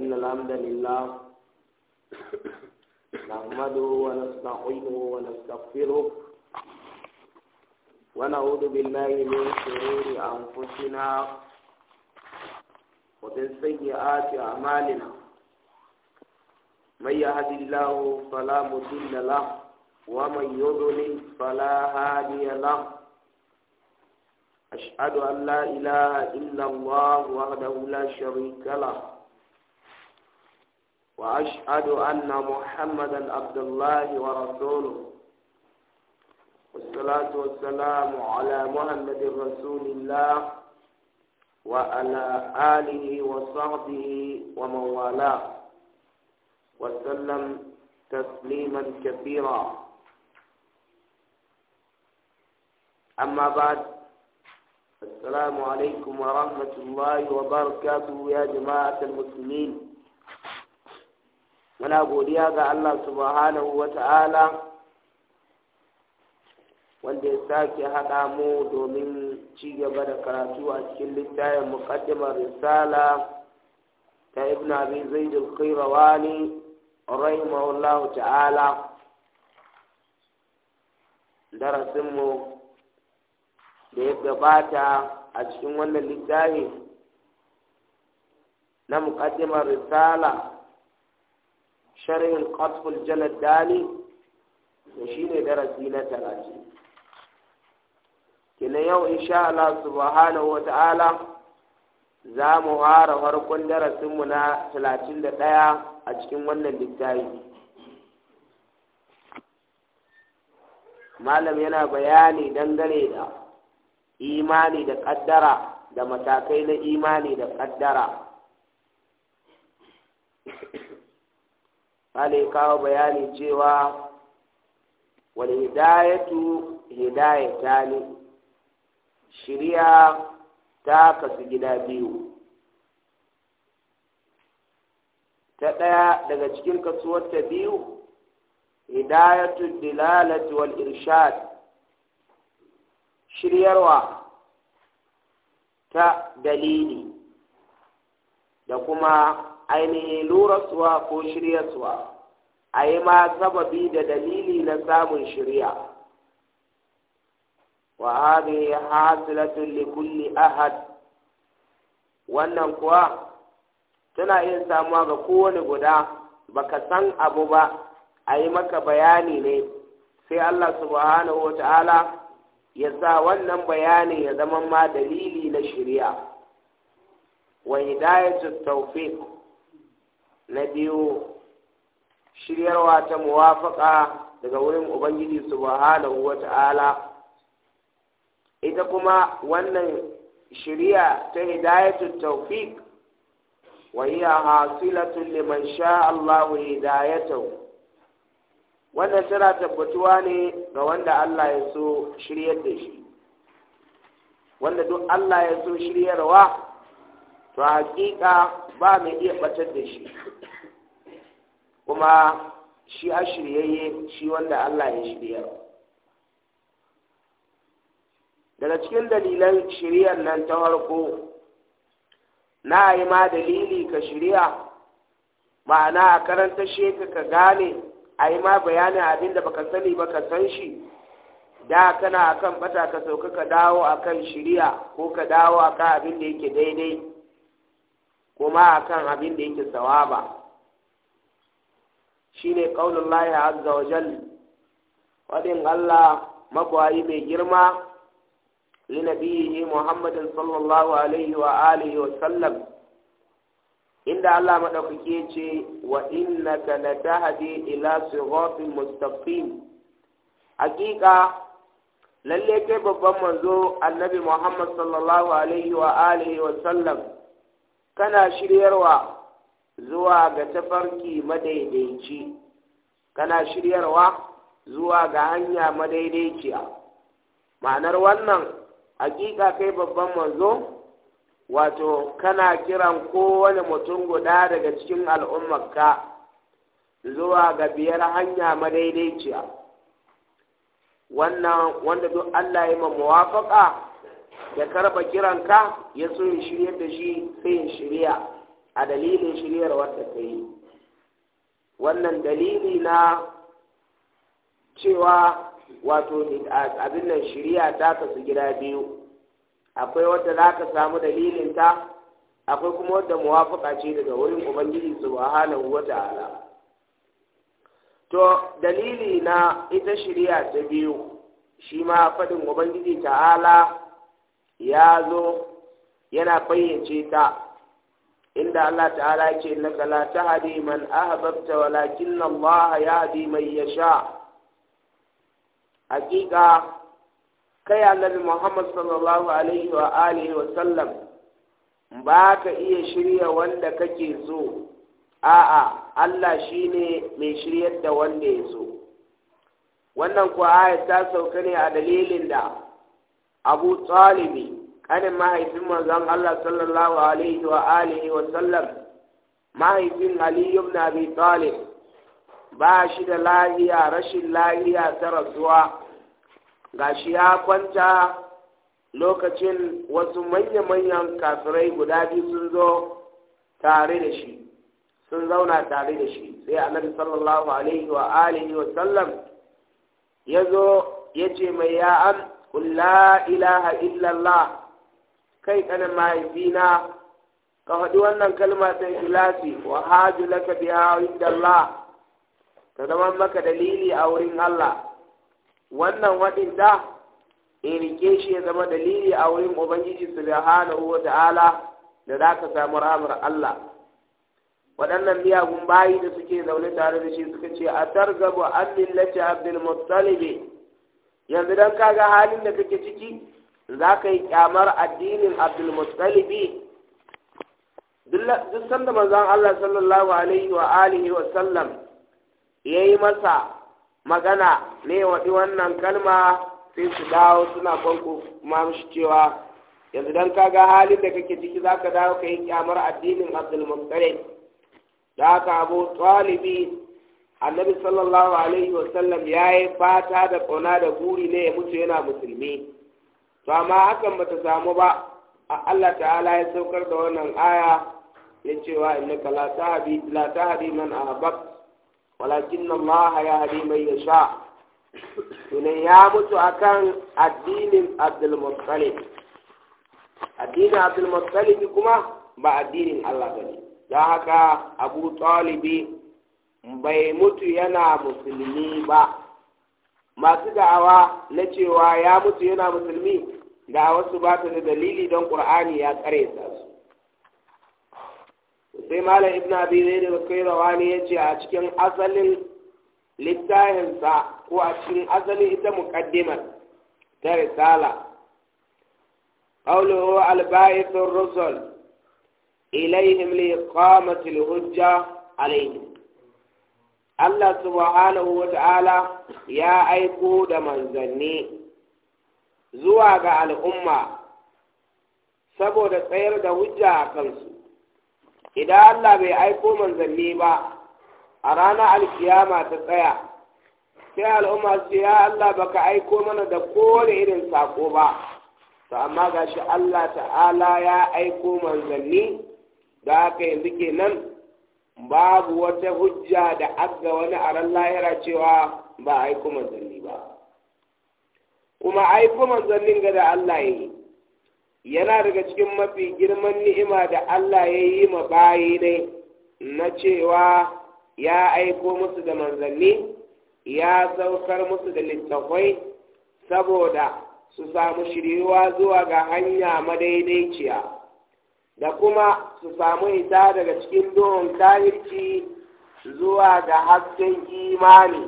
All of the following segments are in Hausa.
إن الحمد لله نحمده ونستعينه ونستغفره ونعوذ بالله من شرور أنفسنا ومن سيئات أعمالنا من يهد الله فلا مضل له ومن يضلل فلا هادي له أشهد أن لا إله إلا الله وحده لا شريك له وأشهد أن محمدا عبد الله ورسوله والصلاة والسلام على محمد رسول الله وعلى آله وصحبه ومن والاه وسلم تسليما كثيرا أما بعد السلام عليكم ورحمة الله وبركاته يا جماعة المسلمين muna godiya ga Allah subhanahu wa ta'ala wanda ya sake haɗa mu domin ci gaba da karatu a cikin littafin muqaddimar risala ta ibn abi zaid al khairawani rahimahullahu ta'ala Darasin mu da ya gabata a cikin wannan littafi na muqaddimar risala sharhin janar jalad dani shi ne darasi na talatin kina yau insha Allah subhanahu ala, za mu fara farkon darasinmu na talatin da ɗaya a cikin wannan littafi malam yana bayani dangane da imani da ƙaddara da matakai na imani da ƙaddara malai kawo bayani cewa wani hidayatu hidayata ne shirya ta kasu gida biyu ta ɗaya daga cikin kasuwar ta biyu hidayatu dilalati wal irshad shiryarwa ta dalili da kuma ainihin lurarsuwa ko shiryarsuwa a yi ma sababi da dalili na samun shirya wa hasilatun li ahad wannan kuwa tana iya samuwa ga kowane guda baka san abu ba a yi maka bayani ne sai Allah subhanahu wa ta'ala ya sa wannan bayani ya zama ma dalili na shirya wa hidayatul tawfiq na biyu shiryarwa ta muwafaka daga wurin ubangiji subhanahu wa ta'ala ita kuma wannan shirya ta hidayatul tawfiq wa hiya hasilatun liman sha Allahu hidayatu wannan tana tabbatuwa ne ga wanda Allah ya so shiryar da shi wanda duk Allah ya so shiryarwa to hakika ba mai iya ɓatar da shi kuma shi a shiryayye shi wanda Allah ya shirya daga cikin dalilan shiryar nan ta farko na yi ma dalili ka shirya ma'ana a karanta sheka ka gane a yi ma bayanin abin da baka sani ba ka san shi da kana akan bata ka sauka ka dawo akan shirya ko ka dawo akan abin da yake daidai kuma kan abin da yake sawaba shine qaulul a azza wa jalla waɗin Allah makwayi mai girma li nabiyyi Muhammadin sallallahu alaihi wa alihi wa sallam inda Allah maɗaukake ce wa innaka latahdi ila siratin mustaqim hakika lalle kai babban manzo annabi Muhammad sallallahu alaihi wa alihi wa sallam kana shiryarwa zuwa ga tafarki madaidaici kana shiryarwa zuwa ga hanya madaidaiciya ma'anar wannan hakika kai babban manzo wato kana kiran kowane mutum guda daga cikin al'ummarka zuwa ga biyar hanya madaidaiciya wannan wanda duk Allah ya ma muwafaka ya karba kiranka ya so ya shirya da shi sai ya shirya a dalilin shiryar wata ta yi wannan dalili na cewa wato abin nan shirya ta kasu gida biyu akwai wadda za ka samu dalilinta akwai kuma wadda muwafuka ce daga wurin ubangiji halin wata ala? to dalili na ita shirya ta biyu shi ma faɗin ubangiji ta'ala ya zo yana fayyace ta inda Allah ta'ala ya ce innaka la tahdi man ahbabta walakin Allah yahdi man yasha hakika kai annabi Muhammad sallallahu alaihi wa alihi wa sallam ba ka iya shirya wanda kake so a'a Allah shine mai shiryar da wanda ya so wannan kuwa ta sauka ne a dalilin da abu talibi kanin mahaifin manzon Allah sallallahu alaihi wa alihi wa sallam mahaifin Ali ibn Abi Talib ba shi da lahiya rashin lahiya ta rasuwa gashi ya kwanta lokacin wasu manya-manyan kafirai guda biyu sun zo tare da shi sun zauna tare da shi sai annabi sallallahu alaihi wa alihi wa sallam ya zo ya ce mai ya'an kula ilaha illallah kai kana mai dina ka hadu wannan kalma ta ilahi wa hadu laka bi a'udallah ta maka dalili a wurin Allah wannan wadin da in shi ya zama dalili a wurin ubangiji subhanahu wa ta'ala da zaka samu ramar Allah Waɗannan miyagun gumbayi da suke zaune tare da shi suka ce atargabu abdullahi abdul muttalibi yanzu don kaga halin da kake ciki za ka yi kyamar addinin abdulmutsalibi duk sanda manzon Allah sallallahu alaihi wa alihi wa sallam yayi masa magana ne waɗi wannan kalma sai su dawo suna kwanko kuma mishi cewa yanzu don kaga halin da kake ciki za ka dawo ka yi kyamar addinin abdulmutsalibi da aka abu talibi annabi sallallahu alaihi wasallam ya yi fata da ƙauna da buri ne ya mutu yana musulmi to amma hakan bata samu ba a Allah ta'ala ya saukar da wannan aya ya cewa innaka la tahdi la tahdi man ahbab walakin Allah hadi man yasha tunan ya mutu akan addinin Abdul Muttalib addinin Abdul Muttalib kuma ba addinin Allah bane don haka Abu Talibi bai mutu yana musulmi ba masu da'awa na cewa ya mutu yana musulmi da wasu ba ta da dalili don ƙur'ani ya tsare sai malam ibn abi zai da kai rawani ya ce a cikin asalin littafinsa ko a cikin asalin ita muƙaddimar ta risala قوله الباعث الرسل إليهم al-hujja alayhim Allah subhanahu wa ta'ala ya aiko da manzanni zuwa ga al'umma saboda tsayar da hujja a kansu, idan Allah bai aiko manzanni ba a ranar alkiyama ta tsaya, sai al'umma su ya Allah baka aiko mana da kowane irin sako ba, to amma ga shi Allah ta'ala ya aiko manzanni da aka yanzu kenan babu wata hujja da aga wani a ran lahira cewa ba a aiko manzanni ba kuma aiko manzannin ga da Allah ya yana daga cikin mafi girman ni'ima da Allah ya yi ma bayi ne na cewa ya aiko musu da manzanni ya saukar musu da littafai saboda su samu shiriwa zuwa ga hanya madaidaiciya da kuma su samu ita daga cikin duhun kahirci zuwa ga hasken imani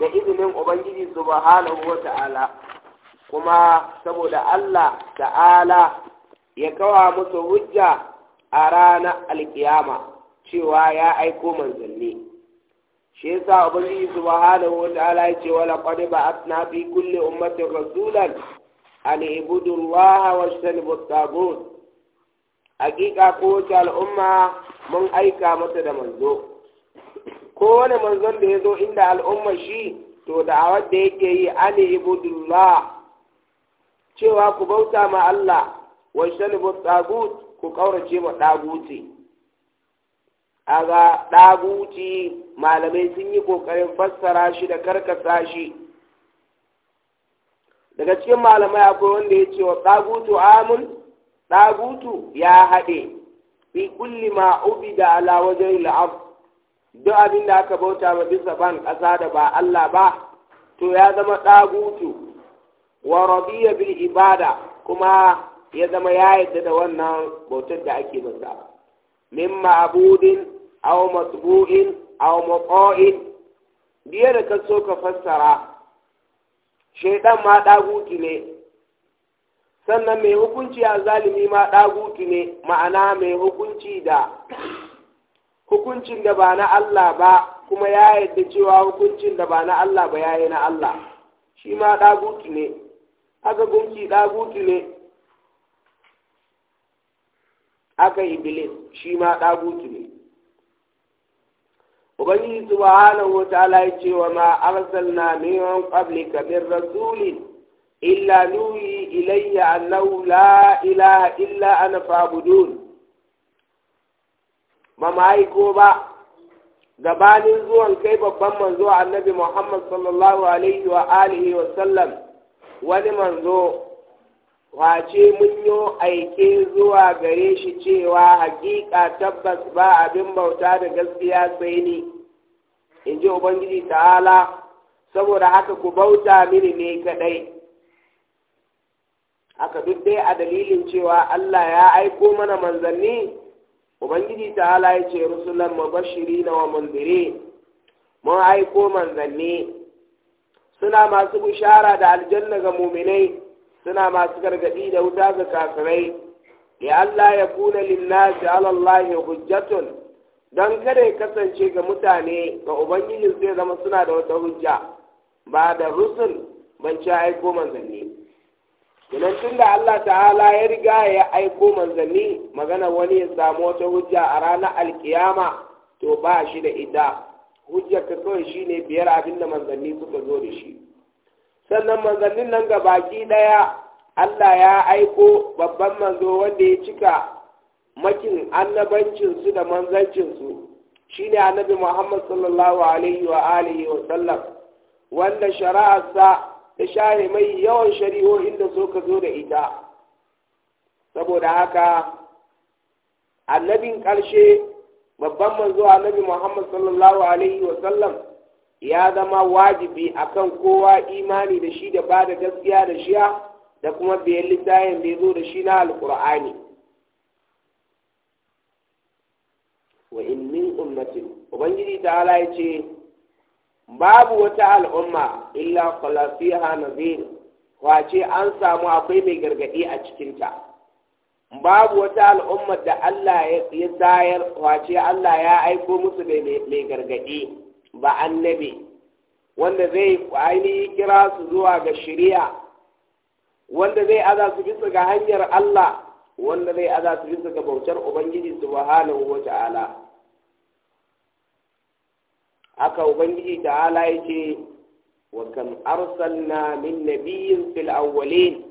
da izinin Ubangiji subhanahu wa ta'ala, kuma saboda Allah ta'ala ya kawa musu hujja a ranar alkiyama cewa ya aiko manzanni. Shi yasa Ubangiji subhanahu wa ta'ala ya ce wala qad ba'athna fi kulli ummatin rasulan an ibudu allaha wa at hakika ko wace al'umma mun aika mata da manzo Ko wani manzon da ya zo inda al'umma shi to da da yake yi Ali ibudullah cewa ku bauta ma Allah wa shalibu tagut ku kaurace ma daguti aga daguti malamai sun yi kokarin fassara shi da karkasa shi daga cikin malamai akwai wanda ya ce wa tagutu amun Ɗabutu ya haɗe fi kulli ma ubida ala wajen la'ab duk abin da aka bauta ma bisa ban ƙasa da ba Allah ba to ya zama ɗabutu, wa rabiya bil ibada kuma ya zama ya yadda da wannan bautar da ake masa min ma'budin aw matbu'in aw maqa'in biye da kaso ka fassara shaydan ma ɗagutu ne sannan mai hukunci a zalimi ma ɗagutu ne ma'ana mai hukunci da hukuncin da ba na Allah ba kuma ya yadda cewa hukuncin da ba na Allah ba ya yi na Allah shi ma ɗagutu ne haka gunki ɗagutu ne haka iblis shi ma ɗagutu ne ubangiji subhanahu wa ta'ala ya ce wa ma arsalna min qablika min rasulin إلا نوي إلي أنه لا إله إلا أنا فاعبدون ما معي ba. gabanin zuwan kai babban manzo annabi Muhammad sallallahu alaihi wa alihi wa sallam wani manzo wace mun yi aike zuwa gare shi cewa hakika tabbas ba abin bauta da gaskiya sai ni in ji Ubangiji ta'ala saboda haka ku bauta mini ne kadai aka duk dai a dalilin cewa Allah ya aiko mana manzanni ubangiji ta'ala ya ce rusulan na wa mundirin mun aiko manzanni suna masu bishara da aljanna ga muminai suna masu gargadi da wuta ga kafirai ya Allah ya kuna linnasi ala Allah hujjatun don kada ya kasance ga mutane ga ubangiji zai zama suna da wata hujja ba da rusul ban ci aiko manzanni idan tun da Allah ta'ala ya riga ya aiko manzanni magana wani ya samu wata hujja a ranar alkiyama to ba shi da ita hujja ka kawai shi ne biyar abin da manzanni suka zo da shi sannan manzannin nan ga baki ɗaya Allah ya aiko babban manzo wanda ya cika makin annabancinsu da manzancinsu shi ne annabi Muhammad sallallahu alaihi wa alihi wa sallam wanda shari'arsa da share mai yawan shari'o'in da so ka zo da ita saboda haka annabin ƙarshe babban manzo annabi muhammad sallallahu alaihi wasallam ya zama wajibi akan kowa imani da shi da ba da gaskiya da shiya da kuma biyan littafin da ya zo da shi na alkur'ani wa in min ummatin ubangiji ta'ala ya ce babu wata al'umma illa khalafiha nazir wace an samu akwai mai gargadi a cikinta babu wata al'umma da Allah ya tayar wace Allah ya aiko musu mai gargadi ba annabi wanda zai ainihi kira su zuwa ga shari'a wanda zai aza su bisa ga hanyar Allah wanda zai aza su bisa ga bautar Ubangiji subhanahu wa ta'ala haka ubangiji ta'ala ya ce wa kam arsalna min nabiyyin fil awwalin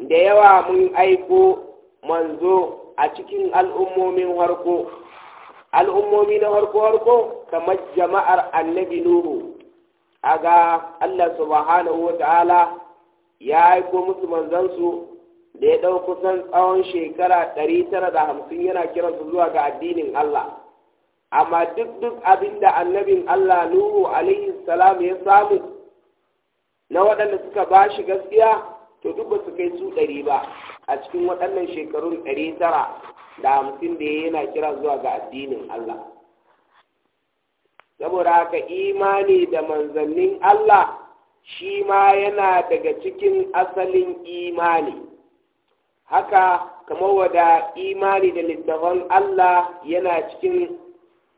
da yawa mun aiko manzo a cikin al'ummomin harko al'ummomi na harko harko kamar jama'ar annabi nuhu aga Allah subhanahu wa ta'ala ya aiko musu manzansu da ya ɗau kusan tsawon shekara ɗari tara da hamsin yana kiransu zuwa ga addinin Allah amma duk duk abin da annabin Allah Nuhu alaihi salam ya samu na waɗanda suka ba shi gaskiya to duk ba su kai su ɗari ba a cikin waɗannan shekarun ɗari tara da hamsin da yana kira zuwa ga addinin Allah saboda haka imani da manzannin Allah shi ma yana daga cikin asalin imani haka kamar wada imani da littafan Allah yana cikin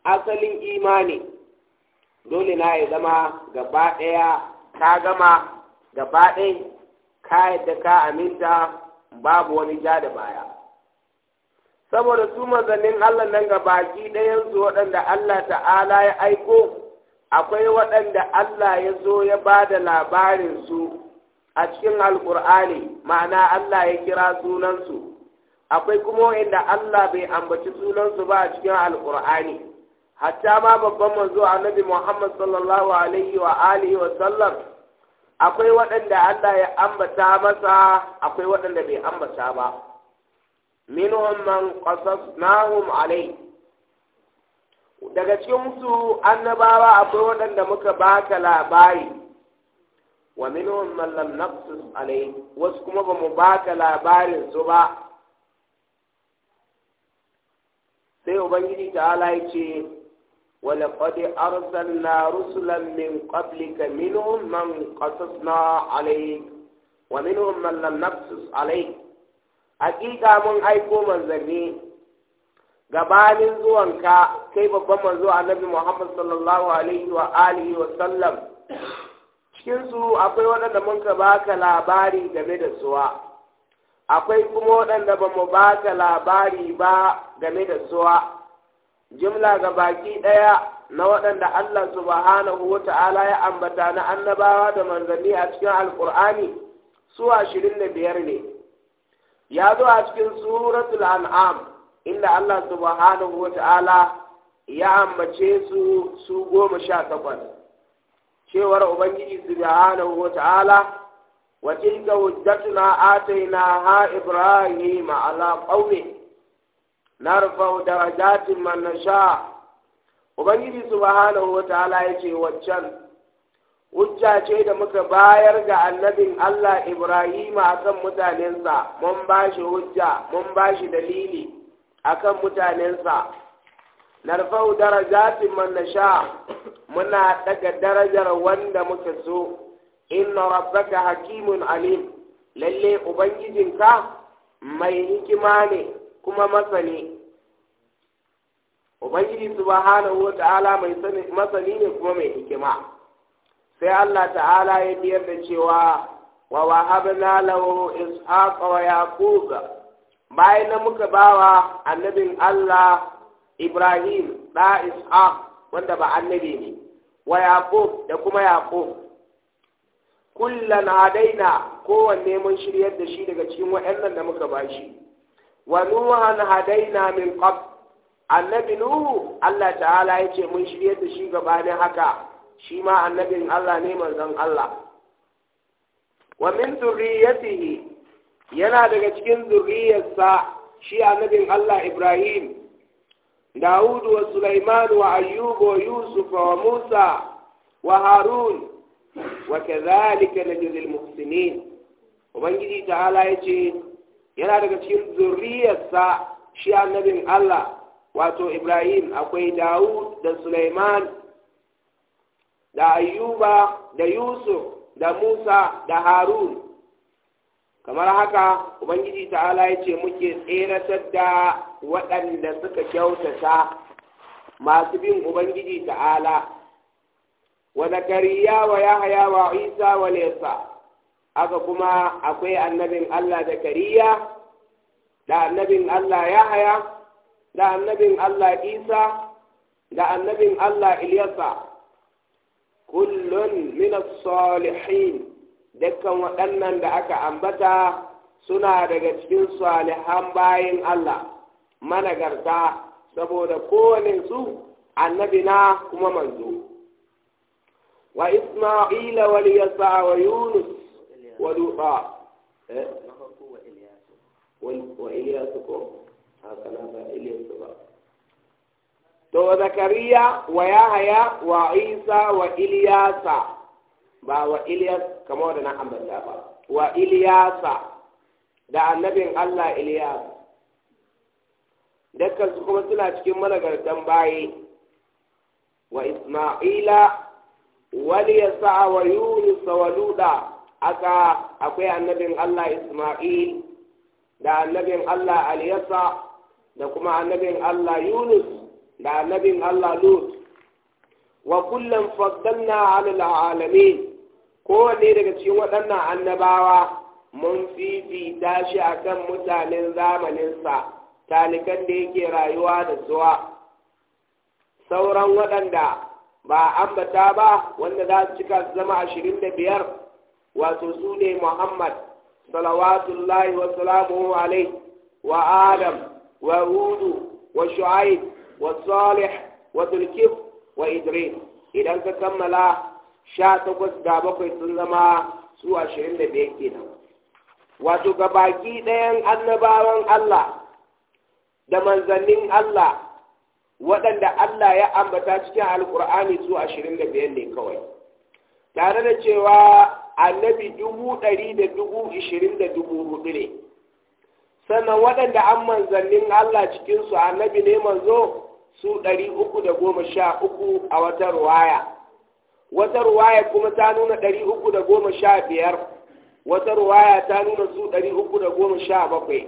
asalin imani dole na ya zama gaba ɗaya ka gama gaba ɗaya ka yadda ka aminta babu wani ja da baya saboda su mazanin Allah nan ga baki ɗayansu waɗanda Allah ta'ala ya aiko akwai waɗanda Allah ya zo ya ba da su a cikin alkur'ani ma'ana Allah ya kira sunansu akwai kuma waɗanda Allah bai ambaci sunansu ba a cikin alkur'ani hatta ma babban manzo annabi Muhammad sallallahu alaihi wa alihi wa sallam akwai waɗanda Allah ya ambata masa akwai waɗanda bai ambata ba minhum man qasasnahum alai daga cikin su annabawa akwai waɗanda muka baka labari wa minhum man lam naqsus alai wasu kuma ba mu baka labarin su ba sai ubangiji ta ya ce ولقد أرسلنا رسلا من قبلك منهم من قصصنا عليك ومنهم من لم نقصص عليك hakika mun aiko manzanni gabanin zuwanka kai babban manzo annabi Muhammad sallallahu alaihi wa alihi wa sallam cikin su akwai waɗanda mun ka baka labari game da suwa akwai kuma waɗanda ba mu baka labari ba game da suwa jimla ga baki ɗaya na waɗanda Allah subhanahu wa ta'ala ya ambata na annabawa da manzanni a cikin alƙur'ani su ashirin da biyar ne ya zo a cikin suratul an'am inda Allah subhanahu wa ta'ala ya ambace su su goma sha takwas cewar ubangiji subhanahu wa ta'ala wa tilka hujjatuna ha ibrahima ala qaumihi narfa'u darajatin man nasha ubangiji subhanahu ya yace waccan hujja ce da muka bayar ga annabin Allah Ibrahima akan mutanensa mun bashi hujja mun bashi dalili akan mutanensa narfa'u darajatin man nasha muna daga darajar wanda muka so inna rabbaka hakimun alim lalle ubangijinka mai hikima ne kuma masani ubangiji subhanahu wa ta'ala mai masani ne kuma mai hikima sai Allah ta'ala ya biyar da cewa wa wahabna lahu ishaqa wa yaqub bayan da muka bawa annabin Allah Ibrahim da ishaq wanda ba annabi ne wa yaqub da kuma yaqub kullan adaina kowanne mun shiryar da shi daga cikin waɗannan da muka bashi wa nuhan hadaina min qab annabi nuhu Allah ta'ala ya ce mun shirye da shi gabanin haka shi ma annabin Allah ne manzon Allah wa min zurriyatihi yana daga cikin zurriyarsa shi annabin Allah Ibrahim Dawudu wa Sulaiman wa Ayyub wa Yusuf wa Musa wa Harun wa kadhalika najzil muhsinin ubangiji ta'ala ce. yana daga cikin zurriyarsa shi annabin Allah wato Ibrahim akwai Dawud da Sulaiman da ayuba da Yusuf da Musa da Harun kamar haka Ubangiji ta'ala ya ce muke tseratar da waɗanda suka kyautata masu bin Ubangiji ta'ala wa zakariya wa yahaya wa isa wa lesa haka kuma akwai annabin Allah kariya, da annabin Allah Yahaya da annabin Allah Isa da annabin Allah Ilyasa kullun min as-salihin dukkan waɗannan da aka ambata suna daga cikin salihan bayin Allah managarta saboda kowane su annabi na kuma manzo wa Isma'ila wal sa wa Yunus ولوطا وإلياس هكذا إلياس to zakariya wa yahaya wa isa wa iliyasa ba wa iliyas kamar da na ambata ba wa iliyasa da annabin allah iliyas dukkan kuma suna cikin malagartan baye wa isma'ila wal yasa wa Yunusa wa aka akwai annabin Allah Ismail da annabin Allah Aliyasa da kuma annabin Allah Yunus da annabin Allah Lut wa kullum faddalna alal alamin kowanne daga cikin waɗannan annabawa mun fifita shi kan mutanen zamaninsa talikan da yake rayuwa da zuwa sauran waɗanda ba ambata ba wanda za su cika zama ashirin da biyar wato su ne Muhammad salawatullahi wa salamu alaihi wa Adam wa Hudu wa Shu'aib wa Salih wa zulkif wa Idris idan ka kammala sha takwas da bakwai sun zama su ashirin da biyar kenan wato ga baki ɗayan annabawan Allah da manzannin Allah waɗanda Allah ya ambata cikin alkur'ani su ashirin da biyar ne kawai tare da cewa annabi dubu ɗari da dubu ishirin da dubu hudu ne sannan waɗanda an manzannin Allah cikinsu annabi ne manzo su ɗari uku da goma sha uku a wata ruwaya wata ruwaya kuma ta nuna ɗari uku da goma sha biyar wata ruwaya ta nuna su ɗari uku da goma sha bakwai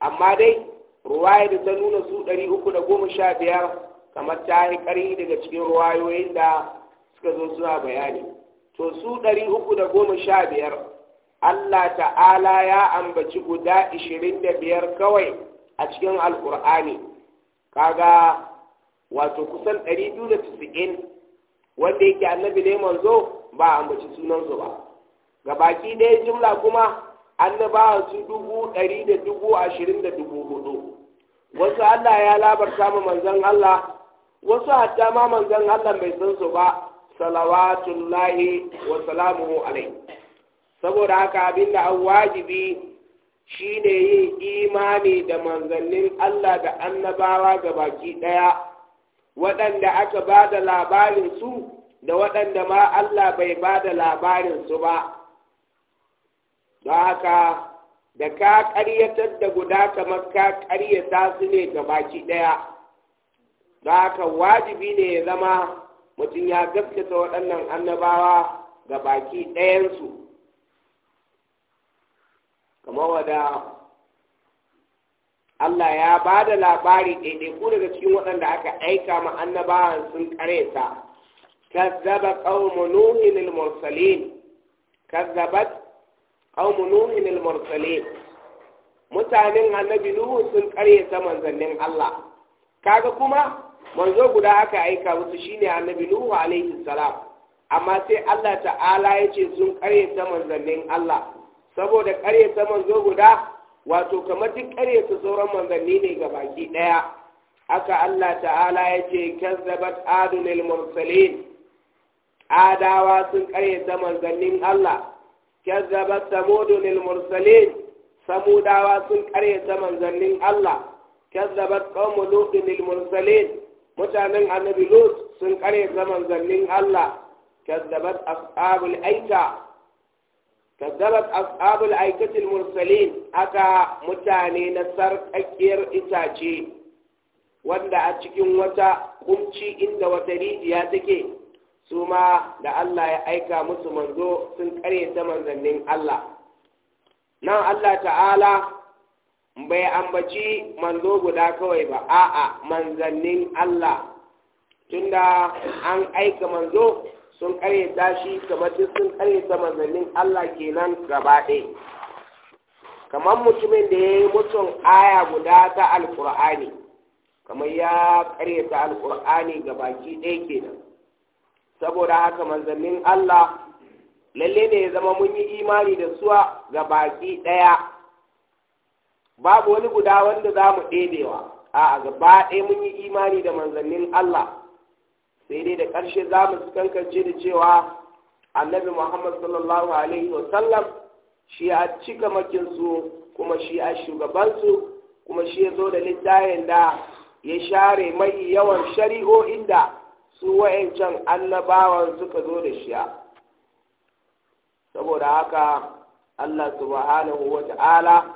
amma dai ruwaya da ta nuna su ɗari uku da goma sha biyar kamar ta yi ƙarfi daga cikin ruwayoyin da suka zo suna bayani to su ɗari uku da goma sha biyar Allah ta'ala ya ambaci guda ishirin da biyar kawai a cikin alkur'ani kaga wato kusan ɗari biyu da tisa'in wanda yake annabi ne manzo ba ambaci ambaci sunansu ba ga baki ɗaya jimla kuma annabawa su dubu ɗari da dubu ashirin da dubu hudu wasu Allah ya labarta ma manzon Allah wasu hatta ma manzon Allah bai san su ba salawatullahi wa salamuhu alai saboda haka Abin da an wajibi shine yin imani da manzannin Allah da annabawa ga baki ɗaya waɗanda aka ba da labarin da waɗanda ma Allah bai ba da labarin su ba don haka da ka ƙaryatar da guda kamar ka ƙaryata su ne ga baki ɗaya don haka wajibi ne ya zama mutum ya gaskata waɗannan annabawa ga baki ɗayansu kamar wada Allah ya ba da labari ɗaiɗaiku daga cikin waɗanda aka aika ma annabawan sun ƙareta kazzaba qaumu nuhin al-mursalin kazzabat qaumu nuhin al-mursalin mutanen annabi nuhu sun ƙareta manzannin Allah kaga kuma manzo guda aka aika musu shine annabi nuhu alaihi salam amma sai Allah ta'ala ya ce sun karyata manzannin Allah saboda karyata manzo guda wato kamar duk karyata sauran manzanni ne ga baki ɗaya. aka Allah ta'ala ya ce kazzabat adunil mursalin adawa sun karyata manzannin Allah kazzabat samudunil mursalin samudawa sun karyata manzannin Allah kazzabat qawmu lutin mursalin mutanen annabi lut sun kare zaman zannin Allah kaddabat ashabul aika kazzabat ashabul aikatil mursalin aka mutane na sarkakiyar itace wanda a cikin wata kumci inda wata rijiya take su ma da Allah ya aika musu manzo sun kare zaman zannin Allah nan Allah ta'ala bai ambaci manzo guda kawai ba a'a manzannin Allah tunda an aika manzo sun karyata shi kamar duk sun karyata manzannin Allah kenan gaba kamar mutumin da ya yi mutum aya guda ta alkur'ani kamar ya karyata alkur'ani ga baki ɗaya kenan saboda haka manzannin Allah lalle ne ya zama mun yi imani da suwa ga baki ɗaya babu wani guda wanda za mu ɗebewa a gaba ɗaya mun yi imani da manzannin Allah sai dai da ƙarshe za mu kankance da cewa annabi Muhammad sallallahu alaihi wa shi a cika makinsu kuma shi a shugabansu kuma shi ya zo da littafin da ya share mai yawan shari'o'in inda su wa'ancan annabawan suka zo da shi saboda haka Allah subhanahu wa ta'ala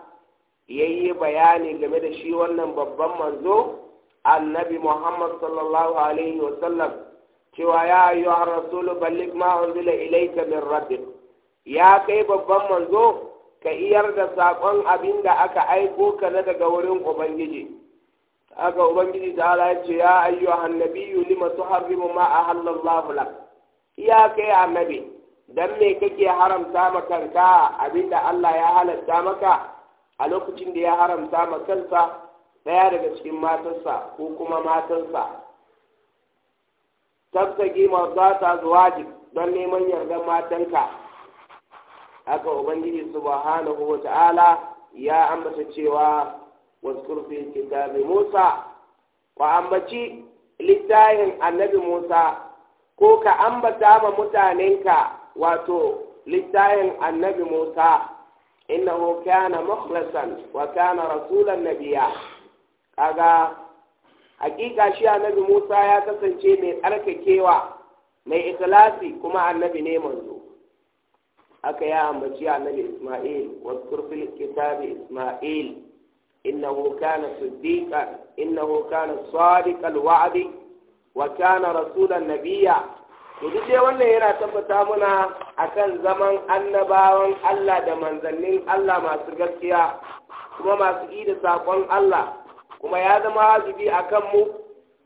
yayi bayani game da shi wannan babban manzo annabi Muhammad sallallahu alaihi wasallam cewa ya ayyuhar Rasulu balligh ma unzila ilayka min ya kai babban manzo ka iyar da saƙon abin da aka aiko ka na daga wurin ubangiji haka ubangiji ta ala ya ce ya ayyuhan nabiyyu lima tuharrimu ma ahallallahu lak iya kai annabi dan me kake haramta ma kanka abinda Allah ya halatta maka a lokacin da ya haramta ma kansa ɗaya daga cikin matarsa ko kuma matarsa ta zuwa jik don neman yardar matanka haka ubangiji subhanahu wa ta'ala ya ambata cewa wasu fi kitabi musa ku ambaci littafin annabi musa ko ka ambata ma mutanenka wato littafin annabi musa innahu kana mukhlasan wa kana rasulan nabiya kaga hakika shi annabi Musa ya kasance mai tsarkakewa mai ikhlasi kuma annabi ne manzo aka ya ambaci annabi Isma'il wa kurfil kitabi Isma'il innahu kana siddiqan innahu kana sadiqal wa'di wa kana rasulan nabiyya to duk dai wannan yana tabbata muna akan zaman annabawan Allah da manzannin Allah masu gaskiya kuma masu yi da saƙon Allah kuma ya zama wajibi a kanmu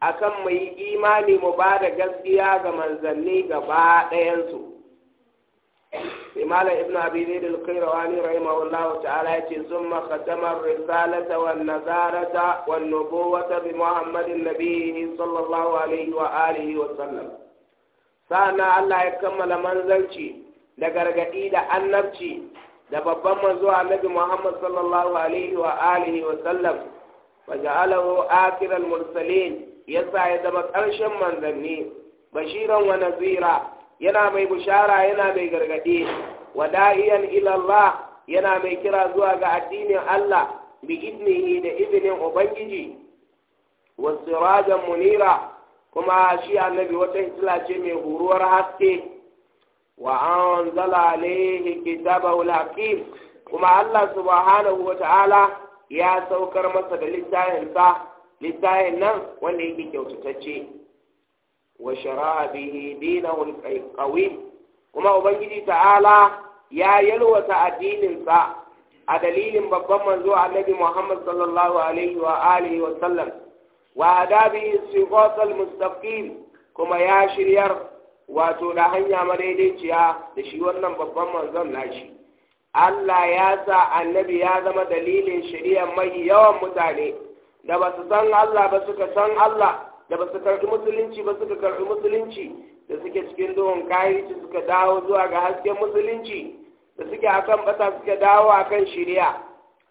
a kan mu yi imani mu ba da gaskiya ga manzanni gaba ɗayansu Imala ibn Abi Zaid al-Qayrawani rahimahullah ta'ala yace summa khatama ar-risalata wan nazarata wan nubuwata bi Muhammadin nabiyhi sallallahu alaihi wa alihi wa sallam sa'annan Allah ya kammala manzanci da gargaɗi da annabci da babban manzo annabi Muhammad sallallahu alaihi wa alihi wa sallam wa ja'alahu akhiral mursalin yasa ya zama ƙarshen manzanni bashiran wa nazira yana mai bushara yana mai gargaɗi wa da'iyan ila yana mai kira zuwa ga addinin Allah bi idnihi da izinin ubangiji wa sirajan munira kuma shi annabi wata hitila ce mai huruwar haske wa an zala alaihi kitaba ulaqim kuma Allah subhanahu wa ta'ala ya saukar masa da littafin sa littafin nan wanda yake kyautatacce wa shara'a bihi dinahu alqawim kuma ubangiji ta'ala ya yalwata addinin sa a dalilin babban manzo annabi Muhammad sallallahu alaihi wa alihi wa sallam wa adabi المستقيم كما kuma ya واتو wato da hanya madaidaiciya da shi wannan babban manzon nashi Allah ya sa annabi ya zama dalilin shari'ar mai yawan mutane da ba su san Allah ba suka san Allah da ba su karɓi musulunci ba suka karɓi musulunci da suke cikin duhun kayanci suka dawo zuwa ga hasken musulunci da suke akan bata suka dawo a kan shari'a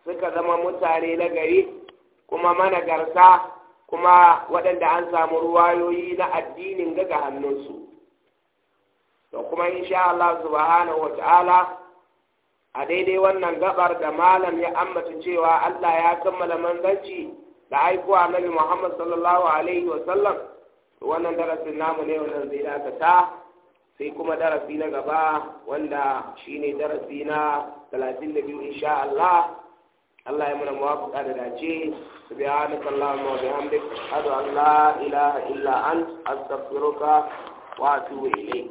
suka zama mutane na gari kuma garsa kuma waɗanda an samu ruwayoyi na addinin daga hannunsu To kuma insha Allah subhanahu wa ta'ala a daidai wannan gabar da malam ya ambata cewa Allah ya kammala manzanci da aikuwa nabi Muhammad sallallahu alaihi wa sallam wannan darasin namu ne wannan zai dakata sai kuma darasi na gaba wanda shine darasi na 32 insha Allah Allah ya muna muwafaqa da dace subhanaka allahumma wa bihamdik ashhadu an Allah ilaha illa an astaghfiruka wa atubu ilayk